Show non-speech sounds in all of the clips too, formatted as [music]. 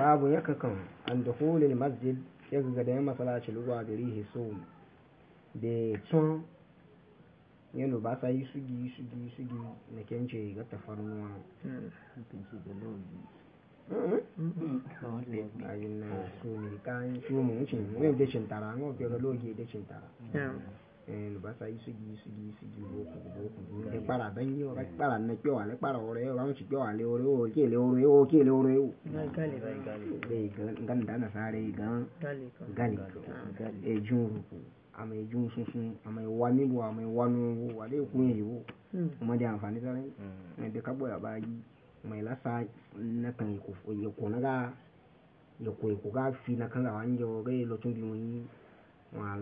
babu kan an dukhulil masjid yaga da masallaci lugwa gari so da tun yano ba sa yi sugi sugi sugi na kence ga tafarnuwa hmm. ayin hmm. na su ne kayan su mu wucin wani da cintara an wafe ga loge da cintara lubasa isugi isugi isugi boku boku lekpara bengi o lekpara ne kpe wa lekpara ore o ramu kpe wa le ore o ke le ore o ke le ore o gali gali ngan dana sare gan gali gali ejun ama ejun sunsun ama iwa nilu ama iwa nuru wa le kun yi wo hmm. ọmọdé àǹfààní sáré hmm. ẹbí kábọ̀ yàrá yìí ọmọ ìlà sa nàkàn èkó èkó náà yẹ̀kọ̀ èkó ká fi nàkàn làwọn ń yọ ọ̀rẹ́ lọ́tún bí wọ́n yìí.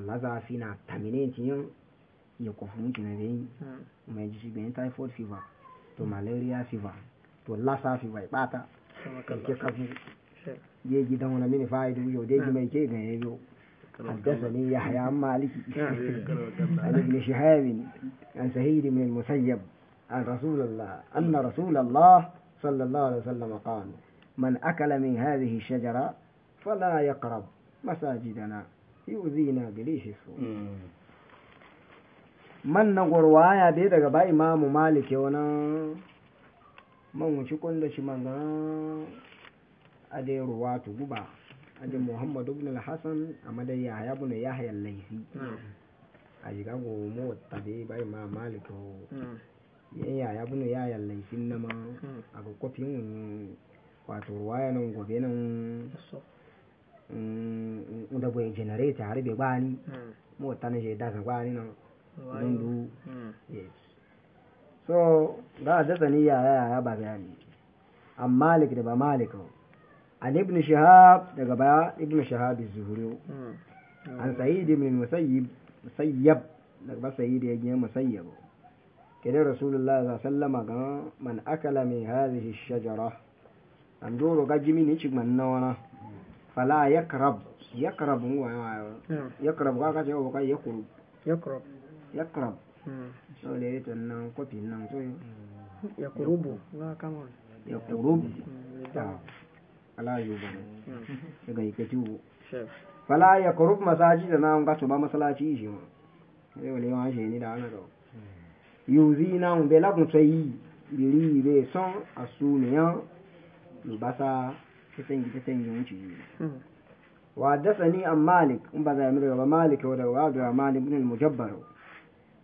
laza fina terminate yin ya kofin kina da yi mai ji shi typhoid fever to malaria fever to lassa fever ya bata ke kafin ya gidan wani mini fa'idu yau dai ji mai ke gan ya yau حدثني يحيى عن مالك عن ابن شهاب عن سهيد من المسيب عن رسول الله أن رسول الله صلى الله عليه وسلم قال من أكل من هذه الشجرة فلا يقرب مساجدنا yuzina gare su mm. man na gurwaya dai daga ba imamu malik wani man wuce kunda shi man a dai ruwa tu guba a mm. muhammadu ibn al a madai ya bu na ya hayar laifi a shiga gomo dai ba imamu malik ya yaya na ya hayar laifin na ma mm. a ga wato ruwaya nan gobe nan Da bai generator har bai gbani hmm. mo tani je daga gbani no dundu hmm. yes so da da tani ya ya ya ba bayani am malik da ba malik an ibn shihab daga baya ibn shahab az-zuhri hmm. an sayyid ibn musayyib musayyab daga ba sayyid ya gina musayyab kidan rasulullahi sallallahu sallama ga man akala min hadhihi ash-shajara an doro ga jimi ni chigman man na wana fala yakrab yakrab mu wa wa hmm. yakrab ka ka ce wa ka yakrab yakrab hmm. yakrab so le to nan ko pin nan so yakrubu na kama yakrubu ta hmm. ah. ala yuba daga yake tubu fala yakrub masajida na ga to ba masallaci shi ma sai wale wa shi ni da ana to yuzi na un bela kun sai yiri be son asuniya basa. kisan gidi san wa dasani an malik in ba za yi mirgaba malik yau da wadu a malik bin mujabbar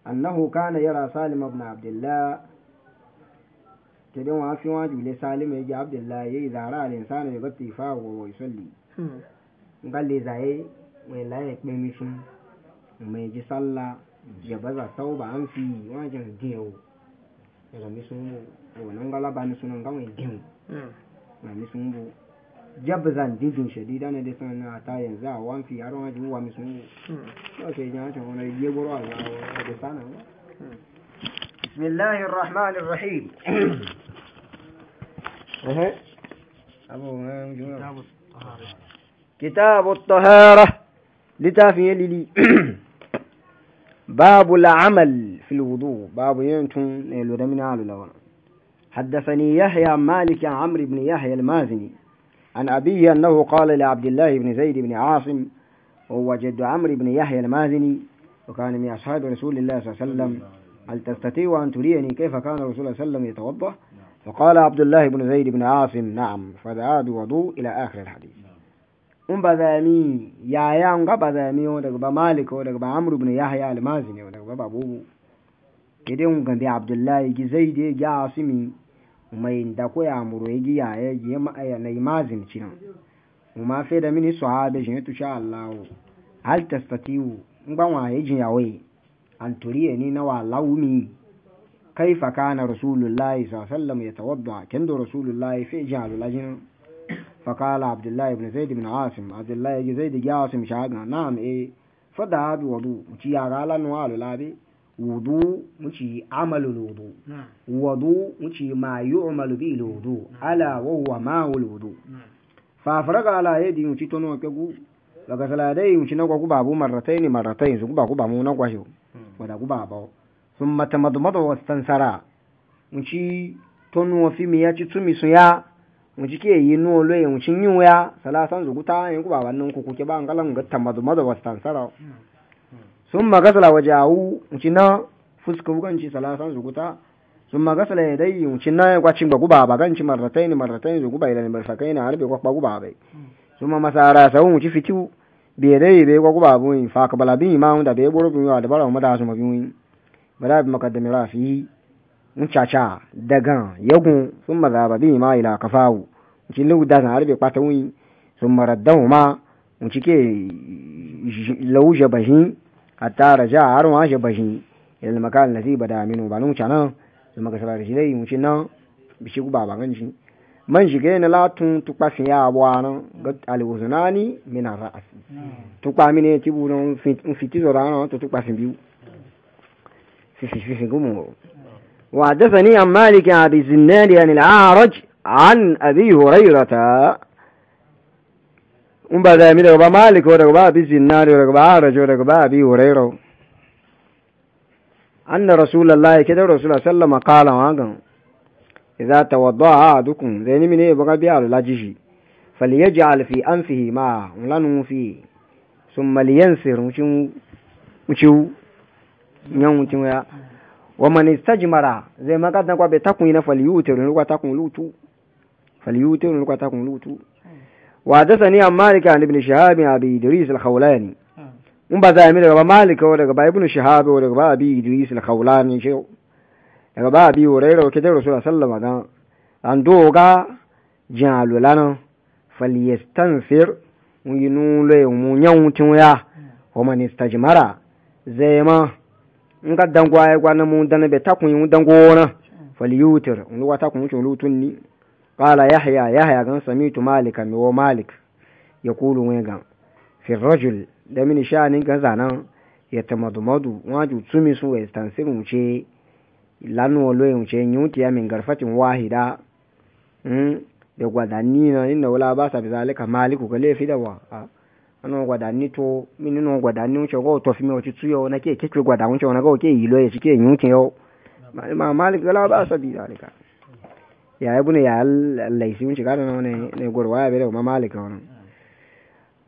annahu kana yara salim abin abdullah kedin wa fi waju le salim ya ji abdullah ya yi zara a linsanin ya gbata ifa wa wai sulli galle zaye mai laye kuma mishin mai sallah ya baza sau ba an fi wajen diyo ya ga mishin bu wani galaba ni sunan gawai diyo ga جبذا جد شديدا دسنا تا ينزا وان في يارون جو وان مسو اوكي جانا شونا يبرو دسنا بسم الله الرحمن الرحيم [coughs] كتاب الطهارة لتافي لي [coughs] باب العمل في الوضوء باب ينتم لدمنا على حدثني يحيى مالك عمرو بن يحيى المازني عن أبيه أنه قال لعبد الله بن زيد بن عاصم وهو جد عمرو بن يحيى المازني وكان من أصحاب رسول الله صلى الله عليه وسلم هل تستطيع أن تريني كيف كان رسول الله صلى الله عليه وسلم يتوضأ فقال عبد الله بن زيد بن عاصم نعم فدعا بوضوء إلى آخر الحديث أم بذامي يا يا أم بذامي zami بمالك daga ba بن يحيى المازني ba بابو كده أم al الله جزيد daga mai da koya muro yi giya ya yi ma'aya eh, na imazin cin ma fe da mini so haɗe shi jin tusha Allahu hal in ngban wa ya jin yawo an turiye ni na wa laumi kaifa kana rasulullahi sallallahu alaihi a yatawadda da rasulullahi fi jalu lajin فقال ibn الله بن زيد Zaid عاصم Asim الله بن زيد بن عاصم شاهدنا نعم ايه ci ya ga لنوال لابي wudu muci amalul wudu hmm. wudu muci ma yu'malu bihi wudu hmm. ala wa huwa ma'ul wudu hmm. fa faraga ala yadi muci tono kegu daga saladai muci na gwagu babu marrataini marrataini su guba guba mu na shu wada guba ba sun mata madumadu wasu tansara muci tono fi mi ya ci tumi su ya muci ke yi nuwa loye muci yi wuya salasan ta yin guba wannan ku ke ba an kalan ga tamadu madu wasu tansara ثم غسل وجهه مشينا فسكو كانشي ثلاثه زغوتا ثم غسل يديه مشينا يقاتشين بغو بابا كانشي مرتين مرتين زغو الى مرفكين عرب يقوا بغو بابا ثم مسارا سو مشي فيتو بيديه بيقوا بغو بابا فاقبل بي ما عند بيبورو بيو على بلا مدا سما بيو بلا بمقدم رافي mucaca دغان يغون ثم mazaba بي ما الى كفاو muci لو دان na arbe kwata wi sun maraddahu ma muci ke hatta raja har wa shi bashi ilal makan lati bada minu ba nun chana zuma ka sabari dai mu china bishi ku baba kan shi man shige na latun tukpa fi ya bwana gat al wuzunani min ar ra's tukpa mine ti bu non fiti zora no to tukpa fi biu fi fi fi gumu وحدثني عن مالك عن الزناد عن العارج عن أبي هريرة un ba da mi daga ba maliko daga ba bi zinari daga ba arajo daga ba bi hurairo anna rasulullahi ke da rasulullahi sallama qala wa gan idza tawaddaha adukum zaini mine ba ga bi al lajishi falyaj'al fi anfihi ma lanu fi summa liyansir mucin muciu nyan mucin ya wa man istajmara zai maka dan kwa be takun ina falyutir lukwa takun lutu falyutir lukwa takun lutu وحدثني عن مالك عن ابن شهاب أبي إدريس الخولاني in ba za a yi daga malik wa daga ba ibnu shahab wa daga ba abi idris al-khawlani shi daga ba abi hurairah ke da rasul sallallahu alaihi an doga jalulana falyastansir yinu le mu nyawu tin ya wa man istajmara zema in ka dangwa ya kwana mu dana be takun yin dangona falyutir in wa takun mu lutun ni قال يحيى يحيى قال سميت مالكا مو مالك يقول ويغا في الرجل ده من شان كان زانا يتمضمض واجو تسمي سو يستنسر lanu wolo yin ce ya min garfatin wahida da gwadanni na inda wala ba sa bizalika maliku ga lefi da wa ano gwadanni to go to o ti tuyo na ke keke gwadanni wuce na go ke yilo ya cike yuti yo ma malik ba sa ya ibn ya laisi mun shiga nan ne ne gurwa ya bere ma malika wannan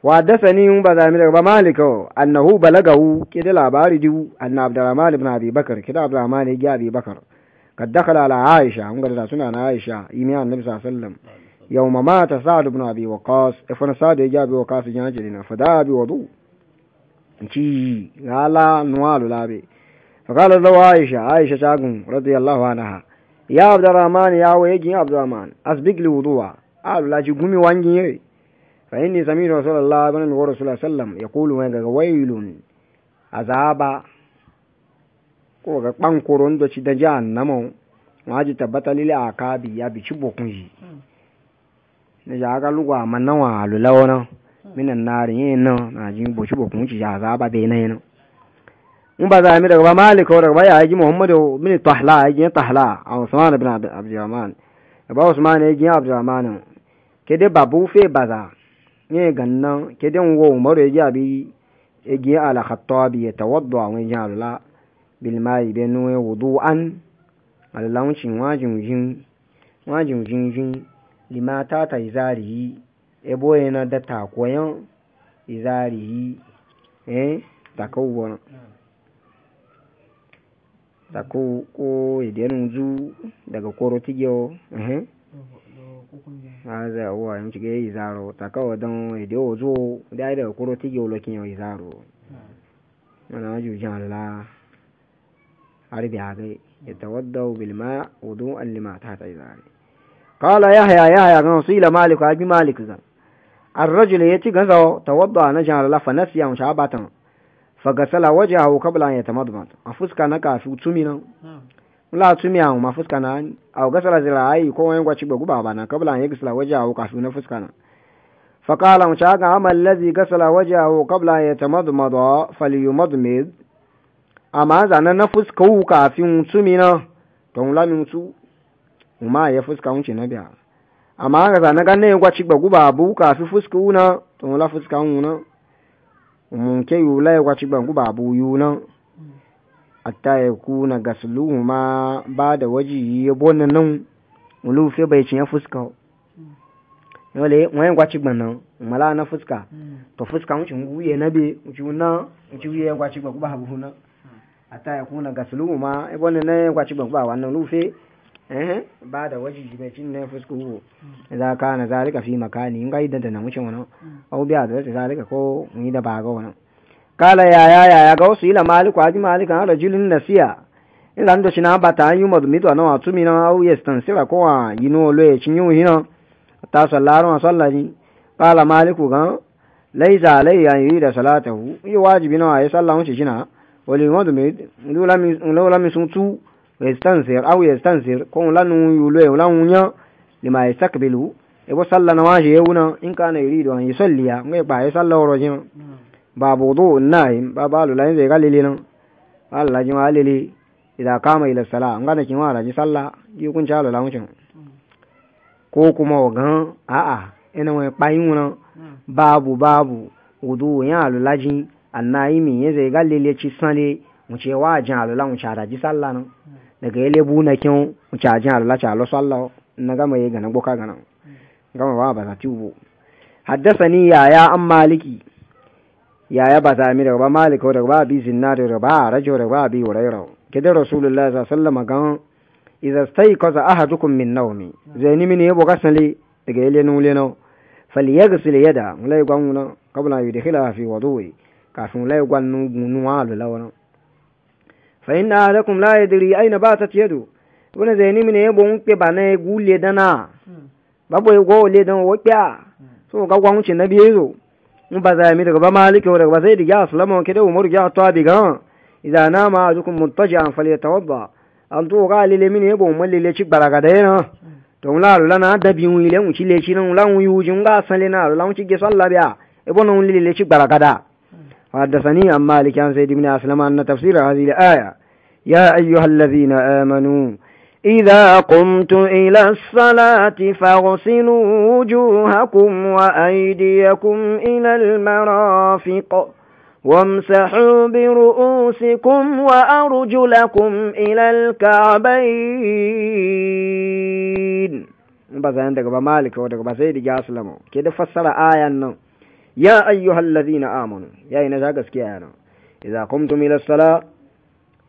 wa dasani mun ba mu daga ba malika annahu balagahu da labari du anna abdurrahman ibn abi bakar kida abdurrahman ya abi bakar kad dakhala ala aisha mun ga suna na aisha imi annabi sallallahu alaihi wasallam yawma mata sa'd ibn abi waqas ifan e sa'd ya abi waqas ya na fada bi wudu ci gala nuwalu labe فقال له aisha aisha تاغن رضي الله عنها ya abdurrahman ya wa yagin abdurrahman asbik li wudu'a alula ji gumi wangin yare fa inni sami rasulullah ibn al rasul sallam yaqulu wa ga wailun azaba ko ga bankoron do ci da jahannama ma ji tabbata lil akabi ya bi ci bokun ji ne ja ga lugwa mannan wa alula wona hmm. minan nari yin nan na ji bo ci bokun ci azaba be nan in ba za a mi daga ba malik ko daga ba ya yi muhammadu min tahla ya yi tahla a usman ibn abdurrahman ba usman ya yi abdurrahman kede babu fe baza ne gannan kede wo umar ya yi abi ya yi ala khattabi ya tawaddu a ya la bil mai be nuwe wudu'an alalancin wajin jin wajin jin jin limata ta e boye na da takoyan izarihi eh takawwana sako ko idiyan zu daga koro tigiyo ehe aza wa yin chige izaro taka wadan idiyo zo da daga koro tigiyo lokin yo izaro ana ju jan la arbi age yatawaddau bil ma wudu an lima ta ta izari qala yahya yahya kan sila malik abi malik zan الرجل يتي غزو توضع نجار لفنسيا وشعبatan fagasala waje hau kabla ya tamadmat a fuska na kafi tumi nan la tumi a ma fuska na a gasala zira ayi ko wani gwaci ba guba bana kabla ya gasala waje hau kafi na fuska na fakala mu ta amal ladhi gasala waje hau kabla ya tamadmat falyumadmid amma zanan na fuska hu kafin tumi na to la min su ma ya fuska hunce na biya amma ga zanan ganne gwaci ba guba bu kafi fuska na to la fuska hunna umunke yula ya kwaci bangu babu yunan hatta ya kuna gasluhu ma ba da waji ya bonan nan ulufe bai cin ya fuska wale wani kwaci gbanan mala na fuska to fuska wuce wuye na be wuce wuna wuce wuye ya kwaci bangu babu hunan hatta ya kuna gasluhu ma ya bonan nan ya kwaci bangu ba wannan lufe Eh? ba da waji jibe cin na fusku ko hmm. za ka na zalika fi makani in ga idan da namucin hmm. wani au biya da zalika ko mu yi da ba ga wani kala ya ya ya ya ga wasu ila maliku aji malika na rajulin nasiya in zan da shina ba ta yi madumi to nawa tumi na au yestan sira ko a yi no loye cin yi hina ta sallaron a sallaji kala maliku ga laisa alayya yi da salatahu yi wajibi nawa ya sallahu shi shina wali madumi lola mi sun tu ويستنزر أو يستنزر كون لن يولي ولن ينيا لما يستقبله إبو صلى نواجه يونا إن كان يريد أن يصلي ويبا يصلى ورجم باب وضوء النائم باب قالوا لا ينزل قال لنا قال لا جمع لي إذا قام إلى الصلاة إن كان جمع رجي صلى يكون شالو لا وجم كوكو kuma wagan a'a إنه wani bayin باب babu babu wudu yan النائم annayi قال ya zai galle ci sale mu ce wa jan alula mu daga yele buna kin chajin alla cha lo sallo na gama yi ganan boka ganan gama ba ba zati ubo haddathani yaya an maliki yaya ba zami daga ba maliko da ba bi zinna da ba rajo da ba bi wurairo kidan rasulullahi sallallahu alaihi wasallam gan idza stayqaza ahadukum min nawmi zaini min yebo kasali daga yele nule no falyaghsil yada mulai yi qabla hila fi wudu'i kafin mulai gwanu gunu alu lawano فإن أحدكم لا يدري أين باتت يده ibn zaini mine yebo nke ba na egu le dana babu ego le dan kya so ga gwan cin nabi yezo mun ba zai mi daga ba maliki daga ba zaidi ya aslama ke da umur ya to abiga ga idan na ma ajukum muttaji'an falyatawadda an to ga le le mine yebo mun le le ci baraga da yana to mun la la na da bi un ile mun ci le ci nan lan wi ujin ga sale na lan ci ge sallabia na un le le ci baraga da وحدثني عن مالك عن زيد بن أسلم أن تفسير هذه الآية يا أيها الذين آمنوا إذا قمت إلى الصلاة فاغسلوا وجوهكم وأيديكم إلى المرافق وامسحوا برؤوسكم وأرجلكم إلى الكعبين بس عندك بمالك ودك بسيدي جاسلمو كده فسر آية النوم ya ayyuhal ladhina amanu yayi na gaskiya yana idza qumtum ila sala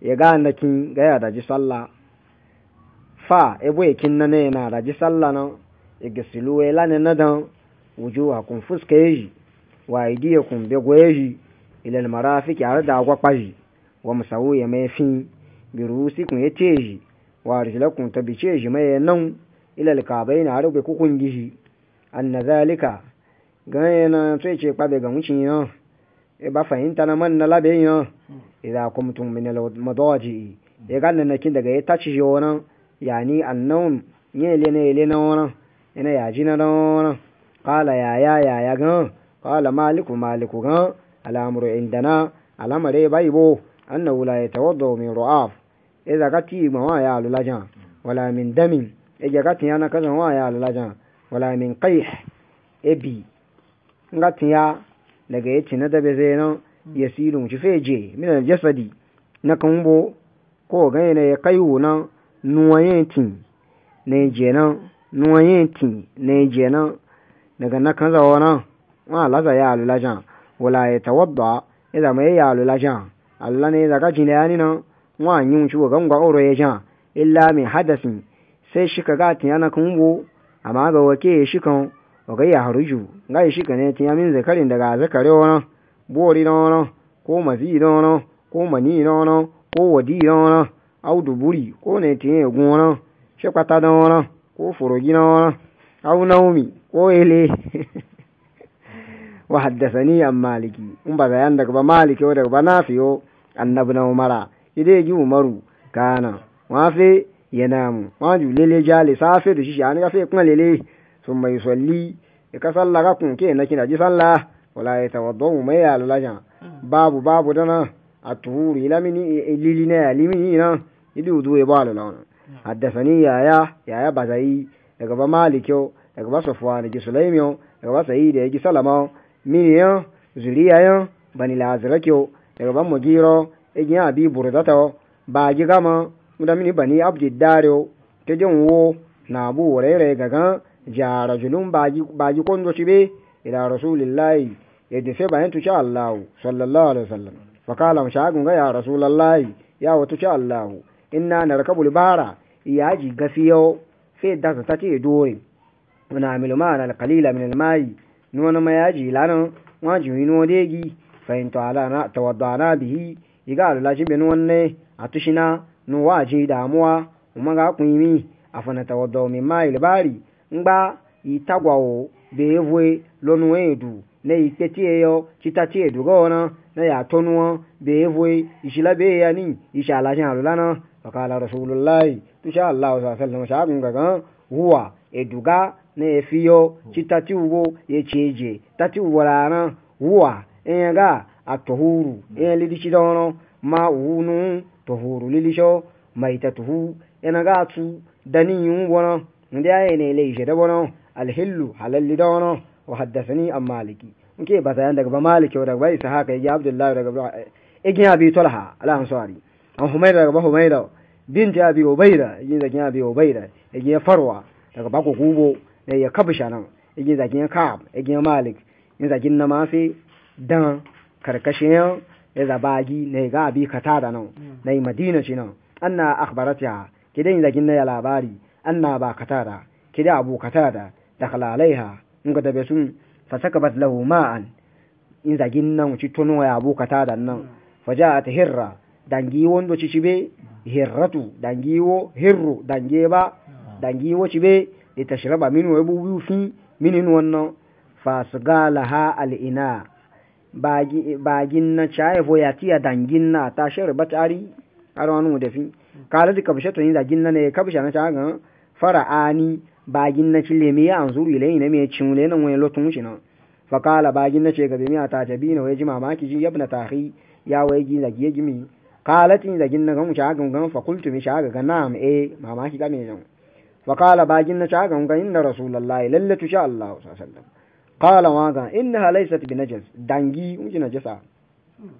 ya ga na kin ga ya daji sallah fa ebo e kin na ne na daji salla na igisilu e la ne na dan wujuha kun fuska yi wa aidiyakum be gweji ila al marafiq ya da agwa kwaji wa musawu ya mai fin birusi kun ya teji wa arjulakum tabiceji mai nan ila al kabaina har be kukun gishi anna zalika gan na tsoye ce kpabe ga wucin yan e ba fahimta na man na labe yan idan kuma tun min al madaji e ga nan kin daga ya tashi shi wannan yani annawm ne le ne e le na wannan ina ya ji na wannan qala ya ya ya ya gan qala maliku maliku gan al'amru indana al'amare bai bo an annahu la yatawadda min ru'af idan e ka ti ma wa ya lulajan wala min damin e ga ka ti yana kazan wa ya lulajan wala min qayh ebi nga tiya daga ya na da zai nan mm. ya silun ci feje mina jasadi na kambo ko ganye na ya kai wunan yin tin na je nan yin tin na je nan daga na kan zawo nan wa laza ya alula jan wala ya tawadda ya zama ya alu jan Allah ne daga jin yani nan wa yin ci ga ngwa oro ya jan illa min hadasin sai shi ka ga tin yana kambo amma ga wake shi kan oga yahruju ngai shi kane tiya min zakari daga zakari zakare wono bori nono ko mazi nono ko mani nono ko wadi nono au duburi ko ne tiye gunono shekwata nono ko furogi nono au naumi ko ele wa haddasani an maliki in ba zayan daga ba maliki o daga ba nafiyo annabi na umara ide ji umaru kana wafe ya namu waju lele jale safe da shi shi an gafe kuma lele thumma yusalli e ka sallah ka kun ke na kina ji sallah wala ya tawaddau mai ya lalajan babu babu dana الطهور إلى من ليلنا لمنينا يدي ودوي بالو لون حدثني يا يا يا يا بزاي daga ba malikyo daga ba safwan ji sulaimiyo daga dagaba sa'id ji salama miniyo zuriyayo bani lazrakyo daga ba mugiro ji abi burdato ba ji gama bani abdi dario te jonwo na abu rere gaga ja rajulun baji kondo ci be ila rasulillahi ya dafe bayan tuci allahu sallallahu alaihi wasallam fa kala mashagun ga ya rasulallahi ya wa tuci allahu inna narkabul bara ya ji gasiyo fe da ta ce dore muna amilu na alqalila min almayi nuna ma yaji lanan ni no degi fahimta ala na tawaddana bihi iga alulashi bin wanne a tushina nuwa ji damuwa kuma ga kunimi afana mi min ngba itagwawo beevwe lonuedu na ikpetieyo chitatiedugoona na yatonuwo beevwe ishila beeyani ishalashalulana fakala rasulullahi tusha allah saa sallam shaagungagan huwa eduga na efiyo chitatiugo yecheje tatiuwolaana huwa eyaga atohuru eya lilichidono ma wunu tohuru lilisho maitatuhu enaga atu daniyun wona ndiyayene leje da alhillu halalli da bono wa haddathani am maliki nke ba ta yanda ga maliki da ga isa ya abdullahi da ga igin abi tolha da ga humaira bin da mm. ga na nai madina shi nan anna akhbaratiha kidan labari anna ba katara kida abu katara da khalalaiha nga da besun fasakabat lahu ma'an in zagin nan ci tono ya abu katara nan faja'at hirra dangi wondo ci be hirratu dangi wo hirru dangi ba dangi wo ci be da tashraba min wa bubu fi min wannan fasgalaha alina bagin na chaye ya tiya dangin na ta sharbat ari ari wannan da fi kala da kabisha to in zagin nan ne kabisha na ta fara'ani bagin na cile me ya anzuru ilayhi na me cimule nan wani lotun shi nan fakala bagin na ce ga bimiya ta jabi na waje mamaki ji yabna tahi ya waye gi zagi ya gimi kalatin zagin na gamu shaga gan fakultu mi shaga ga na'am eh mamaki ga me nan fakala bagin na shaga gan inna rasulullahi lallatu sha Allah sallallahu alaihi wasallam qala wa ga innaha laysat binajas dangi wuce najasa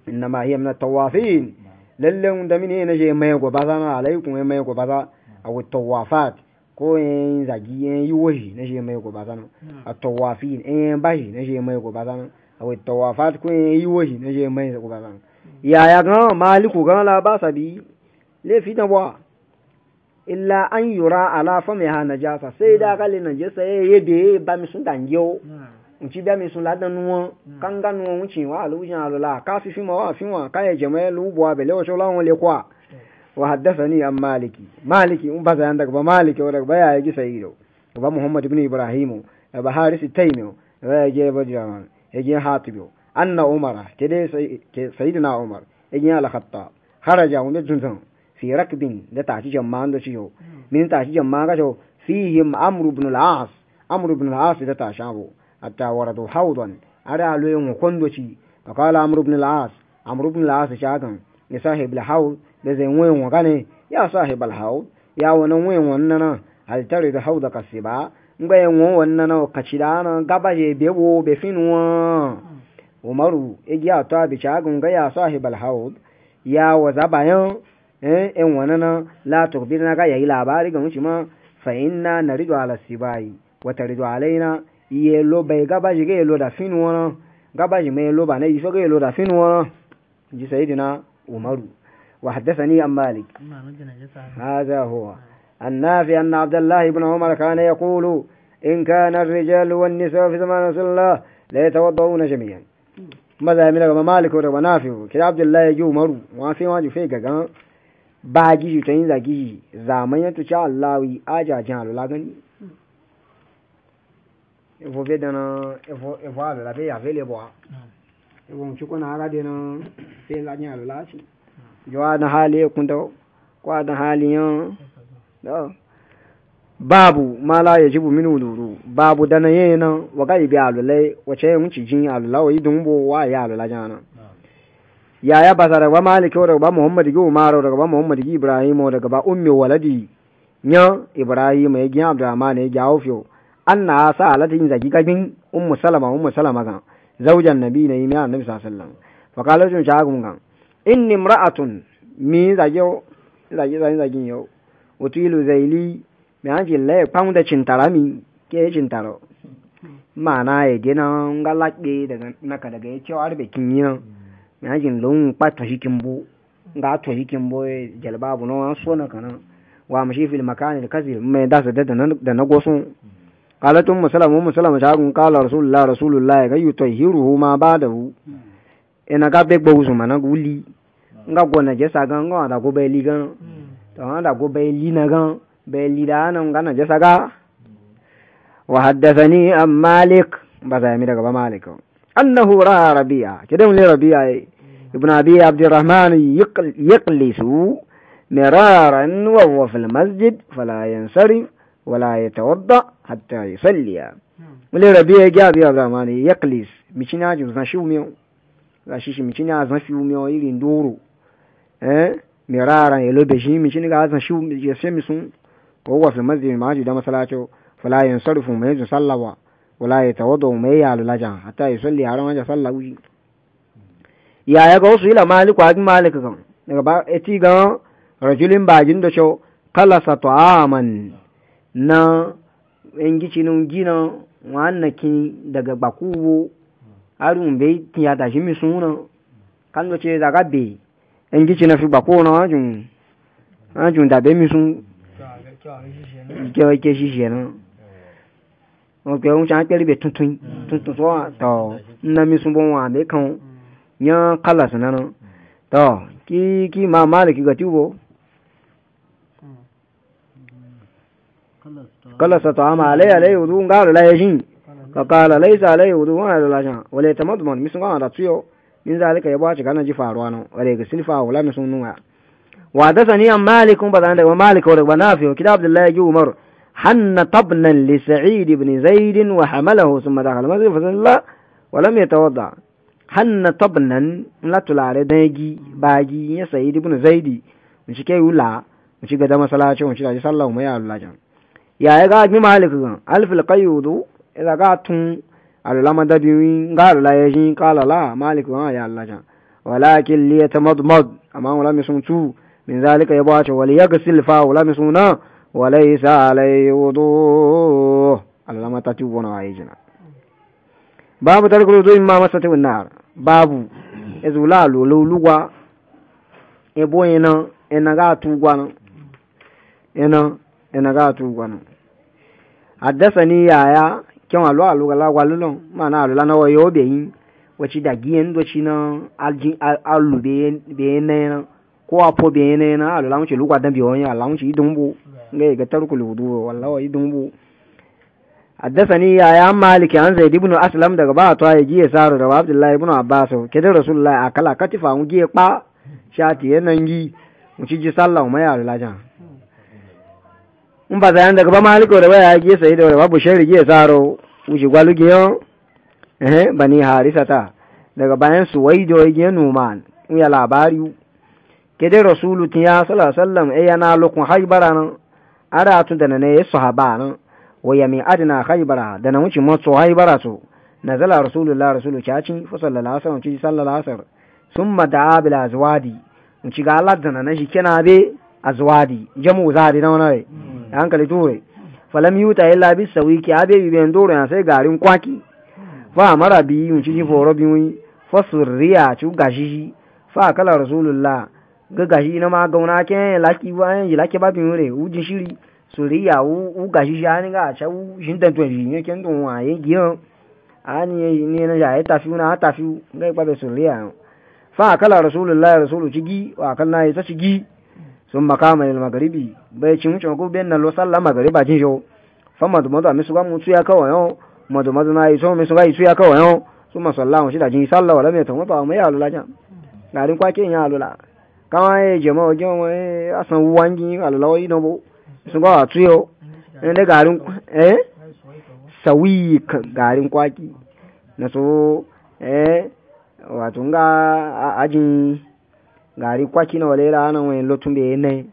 innama hiya min at-tawafin lalle da mine ne je mai gobaza na alaikum mai gobaza a tawafat ko en zagi en yiwoji na shi mai ko bazan hmm. a tawafin en baji na shi mai ko bazan akwai tawafat ko en yiwoji na shi mai ko bazan hmm. yaya ga maliku ga la ba sabi le fi da wa illa an yura ala fa mai ha najasa sai da hmm. kale najasa ye yede ba mi sun dangiyo nci bia mi sun ladan nuwo kanga nuwo nci wa alujan alula ka fi fi ma wa fi wa ka ye jeme lu bo abele o so lawon le kwa وحدثني عن مالكي مالكي أم بس عندك بمالكي ولا بيا يجي سيدو وبا محمد بن إبراهيم وبا حارث التيمي وبا يجي بجرمان يجي حاطبو أن عمر كده سيدنا عمر يجي على خطاب خرج جنزن في ركب لتعشي جمان دشيو من تعشي جمان دشيو فيهم امر بن العاص امر بن العاص لتعشابو حتى وردوا حوضا أرى لهم كندشي فقال امر بن العاص امر بن العاص شاكا لصاحب الحوض لذي وين وغني يا صاحب الحوض يا ونوين وننا هل تريد حوضك السباع ngwe wo wannana kachidana gabaje bewo befinwa umaru egi ato abicha agun ga ya sahib alhaud ya waza bayan eh en wannana la tukbirna ga yayi labari ga mushi fa inna naridu ala sibai wa lo ga lo da finwa na iso ga lo da umaru وحدثني عن مالك هذا هو النافي أن عبد الله بن عمر كان يقول إن كان الرجال والنساء في زمان رسول الله لا ليتوضؤون جميعا ماذا من مالك نافي كذا عبد الله يجو مرو وفي واجب فيك ba gishi ta yin zagi zaman ya tuci allawi ajajen alula gani ifo fe dana ifo alula fe ya fe le bo ifo mu ci kuna ara dena fe lajin alula ci na hali kun da kwa da haliyan babu ma la yajibu min wuduru babu dana yana wa ga ibi alulai wace yin wuce jin alula wa yi bo wa ya alula jana ya ya bazara wa maliki daga ba muhammad gi umar daga ba muhammad gi ibrahim daga ba ummi waladi nya ibrahim ya gi abdurrahman ya gi awfiyo anna sa alatin zagi gabin ummu salama ummu salama ga zaujan nabi ne mi annabi sallallahu alaihi wasallam fa kala jun shagun gan inni imra'atun mi zage zage zage zage yo utilu zaili mi anji le pang da cintara mi ke cintaro mana e dina ngalakbe daga naka daga yace arbe kinyin mi anji lun pato hikin bu ga to hikin bu e jalbabu no an so na kana wa mashi fil makanil kasir mai da su da da na gosun قالت ام سلمة ام سلمة شاكم قال رسول الله رسول الله يطهره ما بعده ina ga bek bawu su mana guli nga gona jesa gan nga mm. da go beli gan to nga da go beli na gan beli da na nga na jesa ga wa haddathani am malik ba da mi daga ba malik annahu ra rabi'a kidan li rabi'a e. mm. Ibn abi abdurrahman yaqlisu miraran wa huwa fil masjid fala yansari, wala yatawadda hatta yusalli mm. mule rabi'a ga e, abi abdurrahman yaqlis michina ju zashu miyo zashishi michina zashu miyo irin duru. eh miraran yelo be shi mi shini ga san shu ya she mi sun ko wa fi masjid ma ji da masalacho fala yansarifu mai zu sallawa wala ya tawadu mai ya lulajan hatta ya salli har wanda sallah uji ya ya ga wasu ila maliku hakim malik kan daga ba eti ga rajulin bajin da shau. kalasa ta'aman na engici nun gina wannan kin daga bakuwo arun bai tiya da shi mi sunan kan ce daga bai engi na fi ba ko na ajun ajun da be mi sun ke ke shi shi na o ke un chan pele be tuntun tuntun so to na mi sun bon wa be kan nya kala sana na to ki ki ma ma le ki ga tubo kala sa to ama ale ale wudu ngalo la yin ka kala laisa ale wudu wa la shan wala tamadman mi sun ga da tuyo in zalika ya bace kana ji faruwa no wale ga silfa wala na sunnuwa wa da saniya malik ba da wa malik wa ba nafi kida abdullahi ji umar hanna tabnan li sa'id ibn zaid wa hamalahu thumma dakhala masjid fa salla wa lam yatawadda hanna tabnan la tulare dagi bagi ya sa'id ibn zaid mun shike yula mun shiga da masallaci mun shiga sallahu mai Allah jan ya ya ga mi malik gan alfil qayyudu idza ga tun alwala ma dabi wi nga alwala ya yi kala la malik wa ya allah jan walakin li yatamadmad amma wala mi sun tu min zalika ya bace wal yaghsil fa wala mi suna walaysa alayhi wudu alwala ma tati wona wa yijina babu tarkul wudu imma masati wan nar babu ezula lo lugwa ebo ina ina ga tu na ina ina ga tu gwana n'i yaya. kyan alo alo gala gwalolon ma na alo lana wayo beyin wace da do doci na alu beyin na yana ko a po beyin na yana alo lamuce lugwa dan biyo wani ala muce idun bu ga ga tarkul wudu wallahi idun bu حدثني y'a يا مالك an زيد بن اسلم daga ba to ya giye saru da عبد الله بن عباس kidan rasulullahi akala katifa mu giye pa shati yanan gi mu ci ji sallah mu la jan. n ba sa daga ba maliko da waya ya sai da babu shari ya saro wuce gwalu ge yon eh bani harisa ta daga bayan su wai do wai numan in ya labari ke da rasulu tin ya sallallahu alaihi wasallam eh yana lokun haibara nan ara tun da ne sahaba nan waya mi adna haibara da na wuce motso haibara so nazala rasulullah rasulu caci fa sallallahu alaihi wasallam ci sallallahu alaihi wasallam summa da'a bil azwadi in ci ga Allah da na shi kina be azwadi jamu zadi na wannan hankali ture falam yuta illa bi sawiki abe bi ben doro ya sai garin kwaki fa mara bi yun ci foro bi wi fa surriya ci gashi fa kala rasulullah ga gashi na ma gauna ke laki ba yi laki ba bi wure ujin shiri surriya u u gashi shani ga cha u shin dan to yi ne ken don wa yin giyo ani ne na ya ta fi na ta fi ga ba be surriya fa kala rasulullah rasulu ci gi wa kala yi ta ci gi sun makama il magaribi bai cin wucin ko ben nan losar la magariba jin yo fama da a misu ga mutu ya kawai yau ma da na yi so misu ga yi su ya kawai yau sun masu Allah wa shi da jin sallah wa mai tamu ba mu ya alula jan garin kwake yin alula kama ya jama'a jama'a wa asan wangi alula wai no bo sun ga tu yo ne garin eh sawi garin kwaki na so eh wato ga ajin gari kwaki na wale ra na wen lotun be ne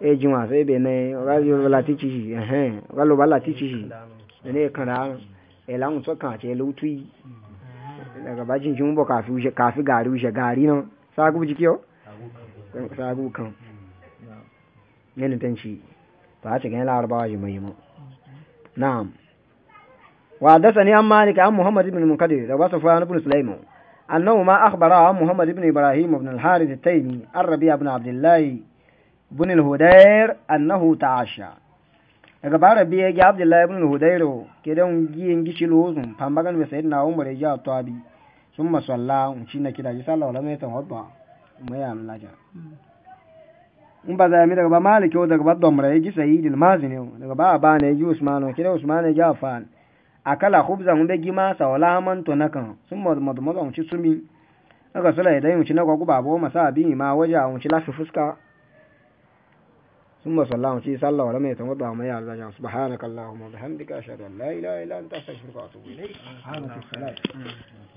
e ji wa fe be ne o ga yo la ti chi eh o ga lo ba la ti chi ne kan ra e la un so kan che lu tui e ga ba jin jin bo ka fi ka fi gari u je gari no sa gu ji o sa gu kan ne ne chi ba ta gen la arba ji mai mo na'am wa sani an malik an muhammad ibn munkadir da wasu fa ibn sulaiman أنه ما أخبر محمد بن إبراهيم بن الحارث التيمي الربيع بن عبد الله بن الهدير أنه تعشى أخبر ربيع عبد الله بن الهدير كده ونجي ينجي شلوزن فانبغن بسيدنا عمر جاء طوابي ثم صلى ونشينا كده جسال الله لم يتم حبا وما يعمل لجا ان بذا يمي دقبا مالك ودقبا دمره جسا يجي المازن دقبا أبان يجي عثمان وكده عثمان جاء فان akala khubza hunde gima wala man to nakan sun madmadu maza ci sumi aka sala idan unci na kwagu babo masa bi ma waje unci lafi fuska sun ba sallahu unci sallah wala mai tawadu mai ya jan subhanakallahumma bihamdika ashhadu an la ilaha illa anta astaghfiruka wa atubu ilayk